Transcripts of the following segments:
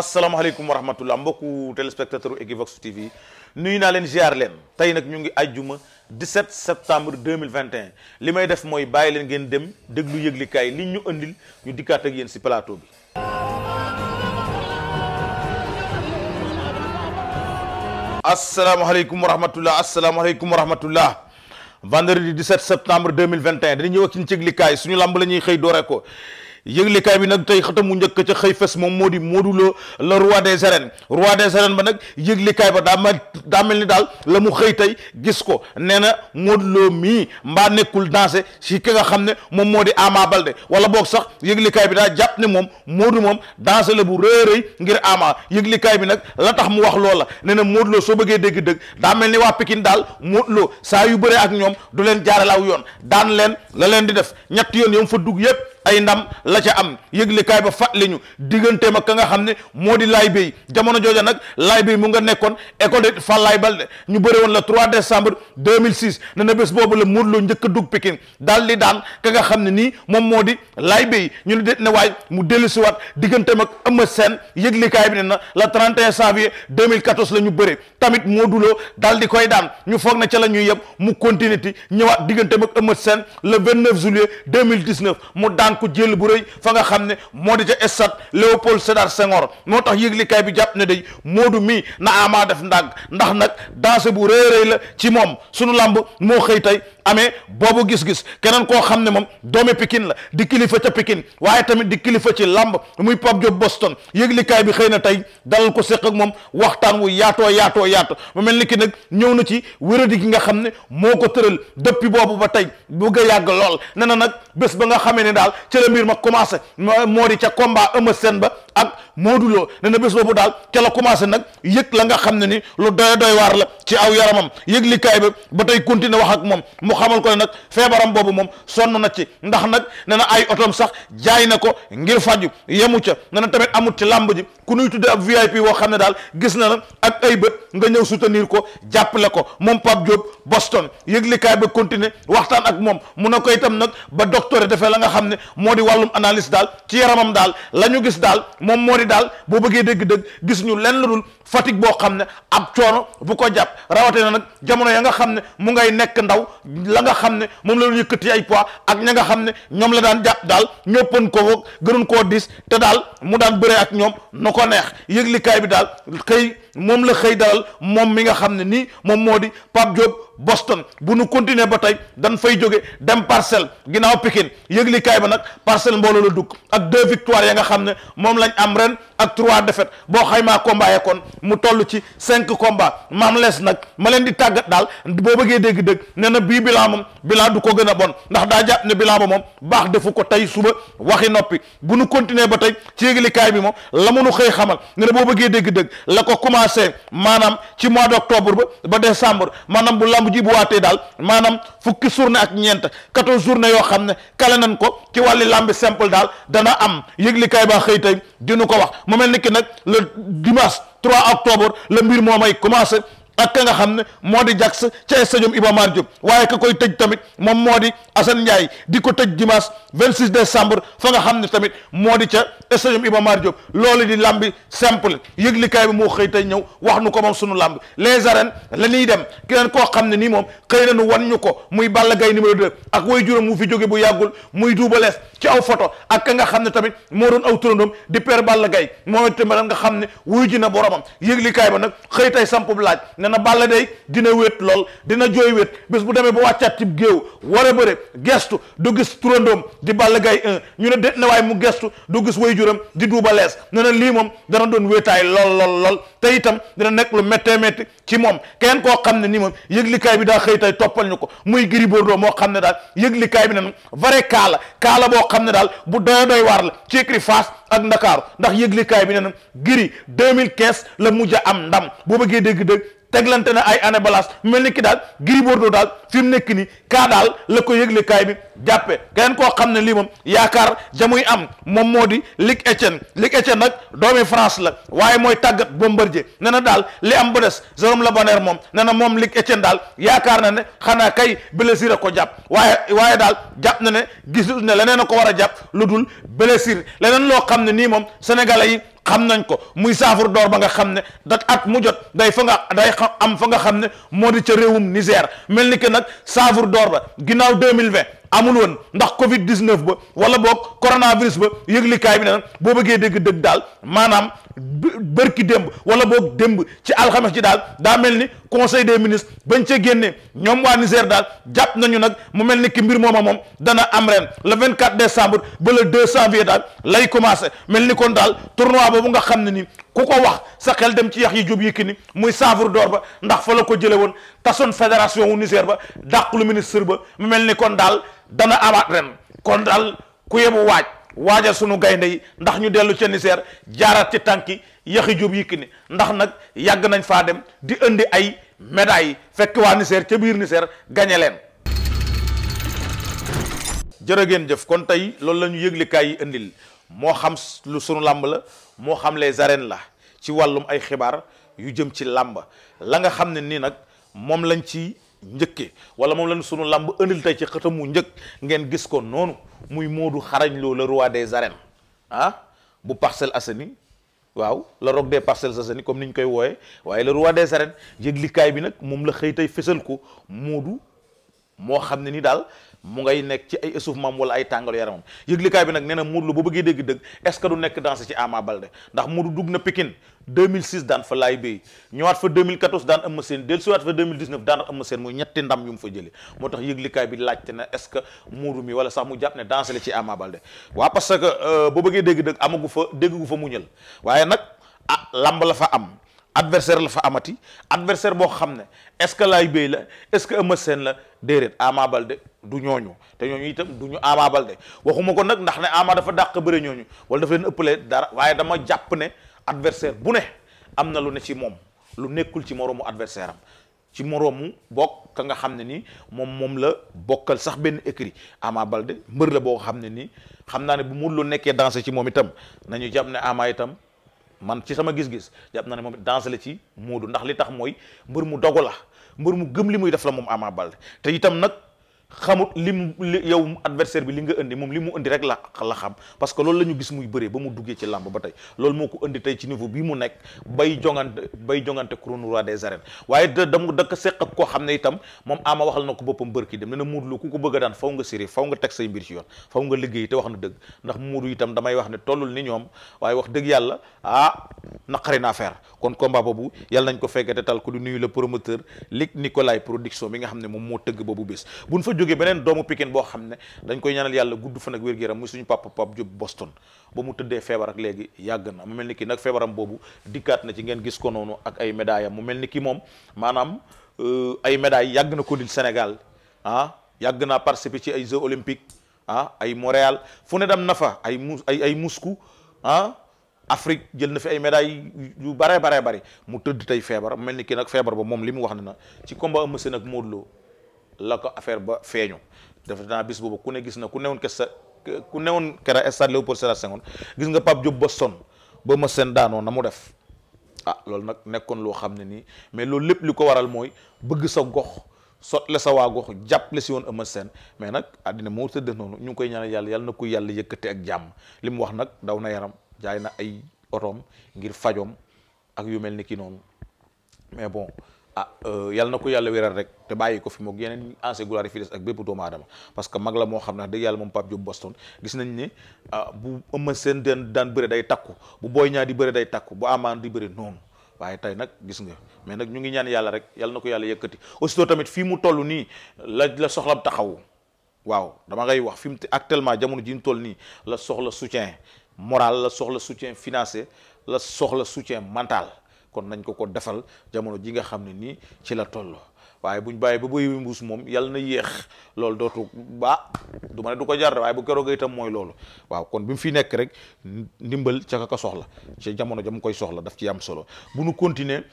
asalaamaaleykum wa rahmatullah mbokku téléspectateur Equivox TV nuyu naa leen ziar leen tey nag ñu ngi àjjuma 17 septembre 2021 li may def mooy bàyyi leen ngeen dem déglu yëglikaay li ñu andil ñu dikkaat ak yéen ci plateau bi. asalaamaaleykum wa rahmatullah asalaamaaleykum wa rahmatullah vendredi 17 septembre 2021 dañuy ñëw ak ci yëglikaay suñu lamb la ñuy xëy doore ko. yëglikaay bi nag tey xatam mu njëkk ca xëy fes moom moo di Modou Lo le roi des arènes roi des arènes ba nag yëglikaay ba daa daa mel ni daal la mu xëy tey gis ko nee na Modou Lo mii mbaa nekkul dansé si ki nga xam ne moom moo di Ama Baldé wala boog sax yëglikaay bi daal jàpp ne moom Modou moom dansé la bu rëy ngir Ama yëglikaay bi nag la tax mu wax loola nee na Modou soo bëggee dégg-dëgg daa mel ni waa Pikine daal Modou Lo saa yu bëree ak ñoom du leen jaarale aw yoon daan leen la leen di def ñetti yoon yom fa dugg yëpp ay ndam la ca am yëglekaay ba fàttali ñu digganteem ak ka nga xam ne moo di laay bay jamono jooja nag laay bey mu nga nekkoon école de Fallaye Balde ñu bëre woon la 3 décembre 2006 ne na bés boobu la Modou Lo njëkk a dugg Pikine daal di daan ka nga xam ne nii moom moo di laay bay ñu ne déet ne waay mu dellusiwaat digganteem ak Eumeu Sène yëglekaay bi ne na le 31 janvier 2014 la ñu bëre tamit Modou Lo daal di koy daan ñu foog na ca la ñuy yem mu continué ti ñëwaat digganteem ak Eumeu Sène le 29 juillet 2019 mu daan. daan ko jël bu rëy fa nga xam ne moo di ca stade Léopold Sédar Senghor moo tax yëglikaay bi jàpp ne day Modou mii na Ama def ndànk ndax nag danse bu rëy rëy la ci moom sunu lamb moo xëy tey amee boobu gis-gis keneen koo xam ne moom doome Pikine la di kilifa ca Pikine waaye tamit di kilifa ci lamb muy Pape Diop Boston yëglikaay bi xëy na tey dalal ko seq ak moom waxtaan wu yaatoo yaatoo yaatoo mu mel ni ki nag ñëw na ci wéradi gi nga xam ne moo ko tëral depuis boobu ba tey bëgg a ca la mbir ma commencé moo di ca combat Eumeu Sène ba ak Modou Lo ne na bés boobu daal ca la commencé nag yëg la nga xam ne ni lu doy doy waar la ci aw yaramam yëg li ba ba tey continuer wax ak moom mu xamal ko ne nag feebaram boobu moom sonn na ci ndax nag ne na ay otom sax jaay na ko ngir faju yemu ca ne tamit amut ci làmb ji ku nuy tudde ab VIP woo xam ne daal gis na na ak ay bët nga ñëw soutenir ko jàppale ko moom Pape Diop Boston yëg li kaay ba continuer waxtaan ak moom mun na koy itam nag ba docteur defee la nga xam ne moo di wàllum analyse daal ci yaramam daal la ñu gis daal moom moo di daal boo bëggee dëgg-dëgg gis ñu lenn la dul fatigue boo xam ne ab coono bu ko jàpp rawatina nag jamono ya nga xam ne mu ngay nekk ndaw la nga xam ne moom la ñu ay poids ak ña nga xam ne ñoom la daan jàpp daal ñëppoon ko foog gënoon koo dis te daal mu daan bëree ak ñoom na ko neex yëglikaay bi daal xëy moom la xëy dalal moom mi nga xam ne nii moom moo di Pape Diop Boston bu nu continuer ba tey dañ fay jóge dem parcelle ginnaaw Pikine yëglikaay ba nag parcelle mbooloo la dugg ak deux victoires ya nga xam ne moom lañ am ren ak trois défaites boo xaymaa combat ya kon mu toll ci cinq combat maam les nag ma leen di tàggat daal boo bëggee dégg-dégg nee na bii bilan moom bilan du ko gën a bon ndax daa jàpp ne bilan ba moom baax defu ko tey suba waxi noppi bu nu continuer ba tey ci yëglikaay bi moom la mu nu xëy xamal ne boo bëggee dégg-dégg la ko commencé maanaam ci mois d' octobre ba bu jibuwaatee daal maanaam fukki journée ak ñeent quatorze journée yoo xam ne kale nañ ko ci wàlli làmbi simple daal dana am yëglikaay baa xëy tey dinu ko wax mu mel ni ki nag le dimanche 3 octobre le mbir moomay commencé ak ka nga xam ne moo di jax ca stadium Iba Mar Diop waaye ka koy tëj tamit moom moo di Assane Ndiaye di ko tëj dimanche 26 décembre fa nga xam ne tamit moo di ca stadium Iba Mar Diop loolu di lambi simple yëglikaay bi moo xëy tey ñëw wax nu ko moom sunu lamb les arènes la ñuy dem keneen koo xam ne nii moom xëy na nu ko muy Balla Gaye numéro 2 ak way juróom wu fi jóge bu yàggul muy duubalees ci aw photo ak nga xam ne tamit moo doon aw turandoom di père Balla gay moo it tamit nga xam ne wuyu ji na boromam yëglikaay ba nag xëy tey sampub laaj ne na Balla day dina wet lool dina jooy wéet bés bu demee ba wàccaat ci géew war a bëre gestu du gis turandoom di Balla Gaye 1 ñu ne déet na waaye mu gestu du gis way juram di duuba lees ne lii moom dana doon wéetaay lool lool lool te itam dina nekk lu méttee métti ci moom kenn koo xam ne nii moom yëglikaay bi daa xëy toppal ñu ko muy Gris doo moo xam ne daal yëglikaay bi nen vrai kaala kaala boo xam ne daal bu doy doy waar la ci écurie Fass ak Ndakaaru ndax yëglikaay bi nen Gris 2015 la mujj am ndam boo bëggee dégg-dégg teglante na ay année balance mel ni ki daal Gris Bordeaux daal fi mu nekk nii kaa daal la ko yëgle kaay bi jàppe keneen koo xam ne lii moom yaakaar jamuy am moom moo di Luc Etienne Luc Etienne nag doomi France la waaye mooy tàggat Bombardier nee na daal li am ba des la Labonaire moom nee na moom Luc Etienne daal yaakaar na ne xanaa kay blessure a ko jàpp waaye waaye daal jàpp na ne gisul ne leneen a ko war a jàpp lu dul blessure leneen loo xam ne nii moom sénégalais xam nañ ko muy saafur door ba nga xam ne da at mu jot day fa nga day am fa nga xam ne moo di ca réewum Niger mel ni que nag saafur door ba ginnaaw deux mille amul amuloon ndax covid 19 ba wala boog coronavirus ba yëglikaay bi ne nag boo bëggee dégg dëgg daal maanaam bërki demb wala boog demb ci alxames ji daal daa mel ni conseil des ministres bañ ca génnee ñoom waa Niger daal jàpp nañu nag mu mel ni ki mbir mooma moom dana am ren le vingt quatre décembre ba le deux janvier daal lay commencé mel ni kon daal tournoi boobu nga xam ne ni ku ko wax sa xel dem ci yax yi jub ni muy saafur door ba ndax fa la ko jële woon tasoon fédération wu Niger ba dàqulu ministre ba mu mel ni kon daal dana amaat ren kon daal ku yebu waaj waajal sunu gaynde yi ndax ñu dellu ca Niger jaaraat ci tànki yaxi jub yi ni ndax nag yàgg nañ faa dem di indi ay médailles fekk waa Niger ca biir Niger gañe leen jërë ngeen jëf kon tey loolu lañu ñu yi indil moo xam lu sunu làmb la moo xamle les la ci wàllum ay xibaar yu jëm ci làmb la nga xam ne nii nag moom lañ ci njëkkee wala moom lan sunu làmb andil tey ci xëtamu njëkk ngeen gis ko noonu muy Modou Xarañ Lo le roi des arènes ah bu parcelle Assainies waaw le roc des Parcelles Assainies comme ni ñu koy wooye waaye le roi des arènes yëglikaay bi nag moom la xëy tey fésal ko Modou moo xam ne ni daal mu ngay nekk ci ay échauffement wala ay tàngalu yaramam yëglikaay bi nag nee na Modou Lo bu bëggee dégg dëgg est ce que du nekk danse ci Ama Baldé ndax Modou dug na pikin 2006 daan fa laay bay ñëwaat fa 2014 daan Eumeu Sène dellusiwaat fa 2019 daan Eumeu Sène muy ñetti ndam yu mu fa jëlee moo tax yëglikaay bi laajte na est-ce muuru mi wala sax mu jàpp ne dansé la ci Ama Baldé waaw parce que euh, boo bëggee dégg dëgg amagu fa déggu fa mu muñal waaye nag ah lamb la fa am adversaire la fa amati adversaire boo xam ne est-ce que laay bay la est-ce que Eumeu Sène la déedéet Ama Baldé du ñooñu te ñooñu itam du ñu Ama Baldé waxuma ko nag ndax ne Ama dafa dàq bëre ñooñu wala dafa leen ëppale dara waaye dama jàpp ne adversaire bu ne am na lu ne ci moom lu nekkul ci moroomu adversaire am ci moroomu bokk ka nga xam ne ni moom moom la bokkal sax benn écrit Ama Balde mbër la boo xam ne nii xam naa ne bu mu lu nekkee dansé ci moom itam nañu jàpp ne Ama itam man ci sama gis-gis jàpp naa ne moom it dansé la ci Moodu ndax li tax mooy mbër mu dogu la mbër mu gëm li muy def la moom Ama Balde te itam nag. xamut lim li yow adversaire li moom li mu indi rek la la xam parce que loolu la ñu gis muy bëree ba mu duggee ci làmb ba tey loolu moo ko indi tey ci niveau bii mu nekk bay jongante bay jongante couronne roi des arènes waaye da dam daka seq ak koo xam ne itam moom a ama waxal na ko boppam bër ki dem ne na Modou Lo ku ko bëgg a daan faw nga série faw nga teg say mbir ci yoon faw nga liggéey te wax na dëgg ndax Modou itam damay wax ne tollul ni ñoom waaye wax dëgg yàlla ah naqari naa faire kon combat boobu yàlla nañ ko fekkete tal ko du nuyu le promoteur Luc Nicolaï production bi nga xam ne moom moo tëgg boobu bés buñ jóge beneen doomu Pikine boo xam ne dañ koy ñaanal yàlla gudd fan ak wér-gu-yaram muy suñu papa Pape Diop Boston ba mu tëddee feebar ak yàgg na mu mel ni ki nag feebaram boobu dikkaat na ci ngeen gis ko noonu ak ay médailles mu mel ni ki moom maanaam euh, ay médailles yàgg na ko lil Sénégal ah yàgg naa participer ci ay Jeux olympiques ah ay Montréal fu ne dem na fa ay mus ay ay Moscou ah Afrique jël na fi ay médailles yu baree baree bari mu tëdd tey feebar mel ni ki nag feebar ba moom li mu wax ne na ci combat Eumeu Sène ak Modou la ko affaire ba feeñu dafa naa bis boobu ku ne gis na ku newoon kesa ku newoon kera stade Léopold Sédar Senghor gis nga Pape Diop ba son ba ma seen daanoo na mu def ah loolu nag nekkoon loo xam ne nii mais loolu lépp li ko waral mooy bëgg sa gox sotle sa waa gox le si woon Eumeu Sène mais nag àddina moo tëdd noonu ñu koy ñaanal yàlla yàlla na ko yàlla yëkkate ak jàmm li mu wax nag daw na yaram jaay na ay otoom ngir fajoom ak yu mel ni ki noonu mais bon ah euh, yàlla na ko yàlla wéral rek te bàyyi ko fi moog yeneen ancien gloire yi fi des ak bépp doomu aadama parce que mag la moo xam ne dëgg yàlla moom Pape Diop Boston gis nañ ni ah, bu Eumeu seen den daan bëre day takku bu Boy ñaar di bëre day takku bu amaan di bëre noonu waaye tey nag gis nga mais nag ñu ngi ñaan yàlla rek yàlla na ko yàlla yëkkati aussitôt tamit fii mu tollu nii la la soxlam taxawu waaw dama ngay wax fi mu actuellement jamono ji ñu toll nii la soxla soutien moral la soxla soutien financier la soxla soutien mental kon nañ ko ko defal jamono ji nga xam ne nii ci la toll waaye buñ bàyyi ba bëy mbuus moom yàlla na yéex loolu dootu ba du ma ne du ko jar waaye bu keroog itam mooy loolu waaw kon bi mu fi nekk rek ndimbal ca ka ko soxla ci jamono jam koy soxla daf ci am solo bu nu continuer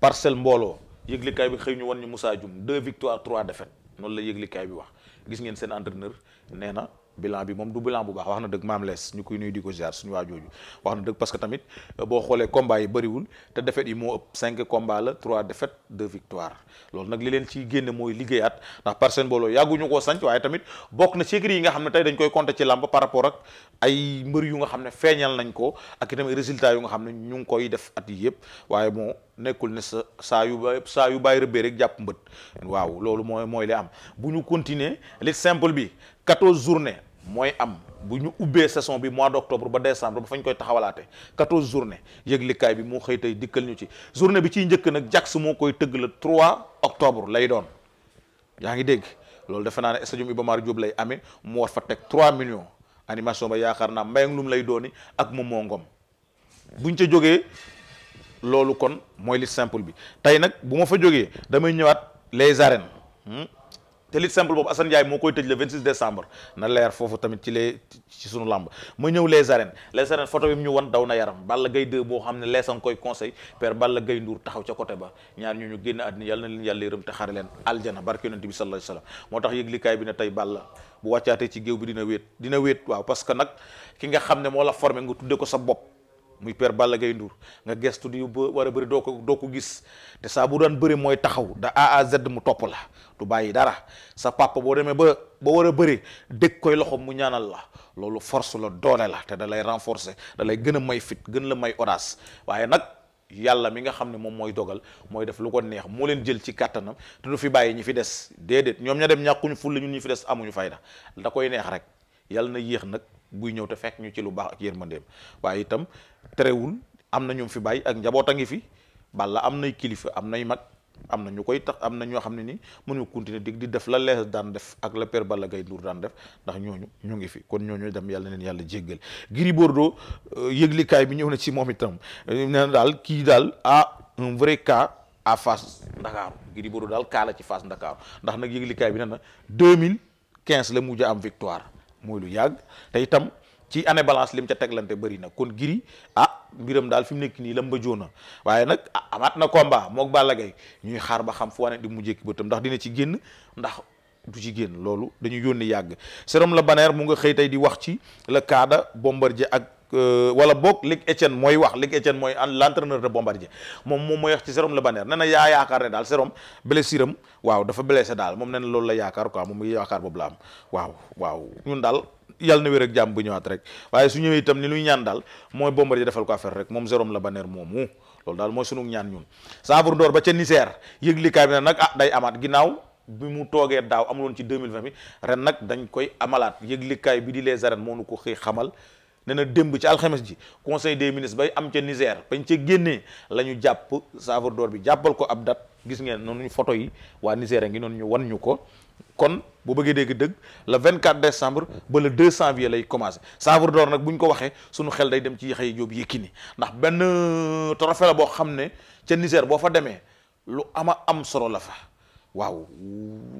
parcelle mbooloo yëglikaay bi xëy ñu wan ñu Moussa Dioum deux victoires trois défaites noonu la yëglikaay bi wax gis ngeen seen entraîneur nee na bilan bi moom du bilan bu baax wax na dëgg maam lees ñu koy nuyu di ko ziar suñu waa jooju wax euh, xoolee combat yi bëriwul te défaite yi moo ëpp cinq combat la trois défaite deux loolu nag li leen ciy génne mooy liggéeyaat ndax par seen mbooloo yàgguñu koo sanc waaye tamit bokk na ci yi nga xam ne tey dañ koy compter ci làmb par rapport ak ay mbër yu nga xam ne feeñal nañ ko ak itam résultat yu nga xam ne ñu ngi koy def at yi yëpp waaye moo nekkul ne sa saa yu ba saa yu bàyyi rëbbee rek jàpp mbët waaw loolu mooy mooy li am bu ñu continuer li simple bi 14 journée mooy am bu ñu ubbee saison bi mois d' octobre ba décembre ba ñu koy taxawalaate quatorze journée yëglikaay bi moo xëy tey dikkal ñu ci journée bi ciy njëkk nag Jax moo koy tëgg le 3 octobre lay doon yaa ngi dégg loolu defe naa ne stadium Iba Mar Diop lay amee mu war fa teg 3 millions animation ba yaakaar naa mbéyang lum lay dooni ak moom moo ngom buñ ca jógee loolu kon mooy li simple bi tey nag bu ma fa jógee damay ñëwaat les arènes hmm? te lutte simple boobu Assane Ndiaye moo koy tëj le 26 décembre na leer foofu tamit ci les ci sunu làmb ma ñëw les arènes les arènes photo bi mu ñu wan daw na yaram Balla gay 2 boo xam ne leesa nga koy conseil père Balla Gaye Ndour taxaw ca côté ba ñaar ñu ñu génn àddina yàlla na leen yàlla yërëm leen aljana barke yonent bi sallallahu alayhi moo tax yëglikaay bi ne tey Balla bu wàccaatee ci géew bi dina wéet dina wéet waaw parce que nag ki nga xam ne moo la formé nga ko sa bopp muy per Balla gayndur nga gestu di ba war a bëri doo ko doo ko gis te saa bu daan bëri mooy taxaw da A Z mu topp la du bàyyi dara sa papa boo demee ba ba war a bëri dégg koy loxo mu ñaanal la loolu force la doole la te da lay renforcer da lay gën a may fit gën la may audace waaye nag yàlla mi nga xam ne moom mooy dogal mooy def lu ko neex moo leen jël ci kàttanam te du fi bàyyi ñi fi des déedéet ñoom ña dem ñàkkuñu fulla ñun ñi fi des amuñu fayda da koy neex rek. yàlla na yéex nag buy ñëw te fekk ñu ci lu baax ak yërmandeem waaye itam terewul am na ñu fi bàyyi ak njaboot a ngi fi balla am nay kilifa am nay mag am na ñu koy tax am na ñoo xam ne ni mënuñu continuer di def la lees daan def ak la père Balla Gaye Ndour daan def ndax ñooñu ñu ngi fi kon ñooñu dem yàlla leen yàlla jéggal Gris Bordeaux euh, yëglikaay bi ñëw na ci moom itam euh, nee na daal kii daal ah un vrai cas à face Ndakaaru Gris Bordeaux daal cas la ci face Ndakaaru ndax nag yëglikaay bi nee na 2015 la mujj am victoire. mooy lu yàgg te itam ci année balance lim ca teglante bëri na kon giri ah mbiram daal fi mu nekk nii lamba joona waaye nag ah, amaat na combat moog Balla Gaye ñuy xaar ba xam fu wane di mujjee ki bëtam ndax dina ci génn ndax du ci génn loolu dañu yónni yàgg Jérôme la Banner mu nga xëy tey di wax ci le cas de Bombardier ak. Euh, wala boog Luc Etienne mooy wax Luc Etienne mooy l' entraîneur de Bombardier moom moom mooy wax ci Jérôme Le Banner nee yaa yaakaar ne daal Jérôme blessure am waaw dafa blessé daal moom nee na la yaakaar quoi moom yaakaar boobu la am waaw waaw loolu daal mooy sunu ñaan ñun ba ca Niger yëglikaay bi nag ah day amaat ginnaaw bi mu toogee daaw ren nag dañ koy amalaat yëglikaay bi di les arènes moo nu ko xëy xamal ne démb ci alxemes ji conseil des ministres bay am ca Niger bañ ca génnee la ñu jàpp Salvador bi jàppal ko ab dat gis ngeen noonuñu foto yi waa Niger a ngi noonu ñu wan ñu ko kon bu bëggee dégg dëgg le 24 décembre ba le 2 janvier lay commencé Salvador nag bu ñu ko waxee suñu xel day dem ci Yaxya Jóob ni ndax benn trophée la boo xam ne ca Niger boo fa demee lu ama am solo la fa waaw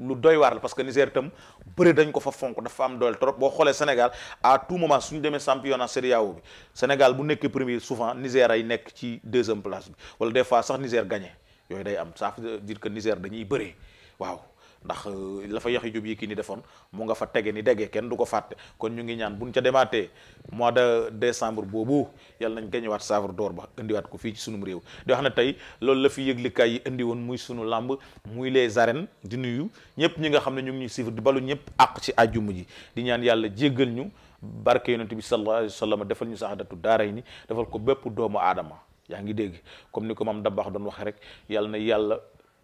lu doy waar la parce que Niger itam bëre dañ ko fa fonk dafa am doole trop boo xoolee Sénégal à tout moment suñu demee championnat Serie A bi Sénégal bu nekkee premier souvent Niger ay nekk ci deuxième place bi wala des fois sax Niger gagné yooyu day am ça veut dire que Niger dañuy bëree waaw ndax euh, la fa jub Yaxya Jóob ni defoon mu nga fa tege ni dege kenn du ko fàtte kon ñu ngi ñaan buñ ca demaatee mois de décembre boobu yàlla nañ gañewaat saafara door ba indiwaat ko fii ci sunum réew di wax na tey loolu la fi yëglikaay yi indi woon muy sunu làmb muy les arènes di nuyu ñëpp ñi nga xam ne ñu ngi ñu suivre di balu ñëpp àq ci àjjuma ji di ñaan yàlla jéggal ñu barke yonent bi sallallahu alayhi wa sallam defal ñu saxadatu daaray ni defal ko bépp doomu aadama yaa ngi dégg comme ni ko maam dabbaax doon waxee rek yàlla na yàlla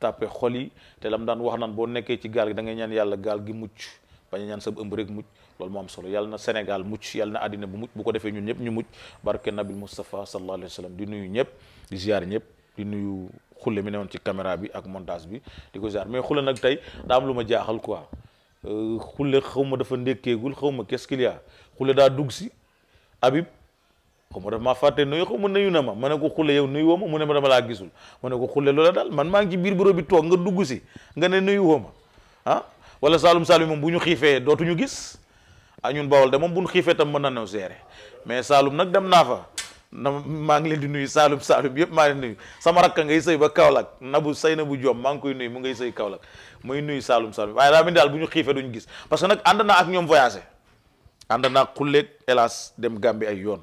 tàppe xol yi te lam daan wax naan boo nekkee ci gaal gi da ñaan yàlla gaal gi mucc bañ ñaan sa ëmb rek mucc loolu moo am solo yàlla na Sénégal mucc yàlla na àddina bu mucc bu ko defee ñun ñëpp ñu mucc barke nabil Moustapha sallallahu alayhi di nuyu ñëpp di ziar ñëpp di nuyu xulle mi newoon ci caméra bi ak montage bi di ko ziar mais xulle nag tey daa am lu ma jaaxal quoi euh, xulle xaw ma dafa ndékkeegul xaw ma qu'est-ce qu'il a daa dugg si xaw ma dafa maa fàtte nuyu xaw ma na ma ne ko xulle yow nuyu woo ma mu ma dama laa gisul ma ne ko xulle loola daal man maa ngi ci biir bureau bi toog nga dugg si nga ne nuyu woo ma ah wala saalum saalum moom bu ñu xiifee dootuñu gis ah ñun bawol de bu ñu xiifee tam mën na new seere mais saalum nag dem naa fa na maa ngi leen di nuyu saalum saalum yëpp maa leen di sama rakka ngay sëy ba Kaolack nabu sëy na bu joom maa ngi koy nuyu mu ngay sëy Kaolack muy nuyu saalum saalum waaye daa mel daal bu ñu xiifee duñu gis parce que nag ànd naa ak ñoom voyagé ànd naa xulleeg hélas dem Gambie ay yoon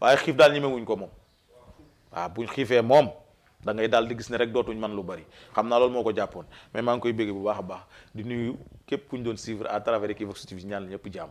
waaye xiif daal ñemewuñ ko moom waaw buñ xiifee moom da ngay daal di gis ni rek dootuñ man lu bari xam naa lool moo ko jàppoon mais maa ngi koy bégg bu baax a baax di nuyu képp ku ñu doon suivre à travers Equivox TV ñaan la ñëpp jàmm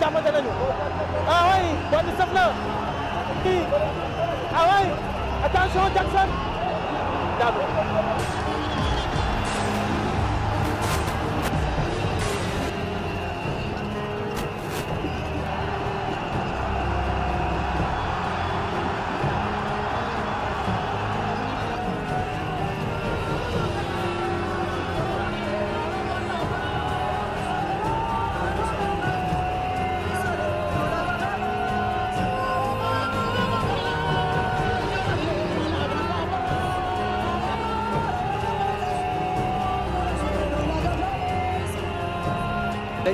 jàmmante nañu ah oui bonne sëf la kii ah oui attention Jackson Dabo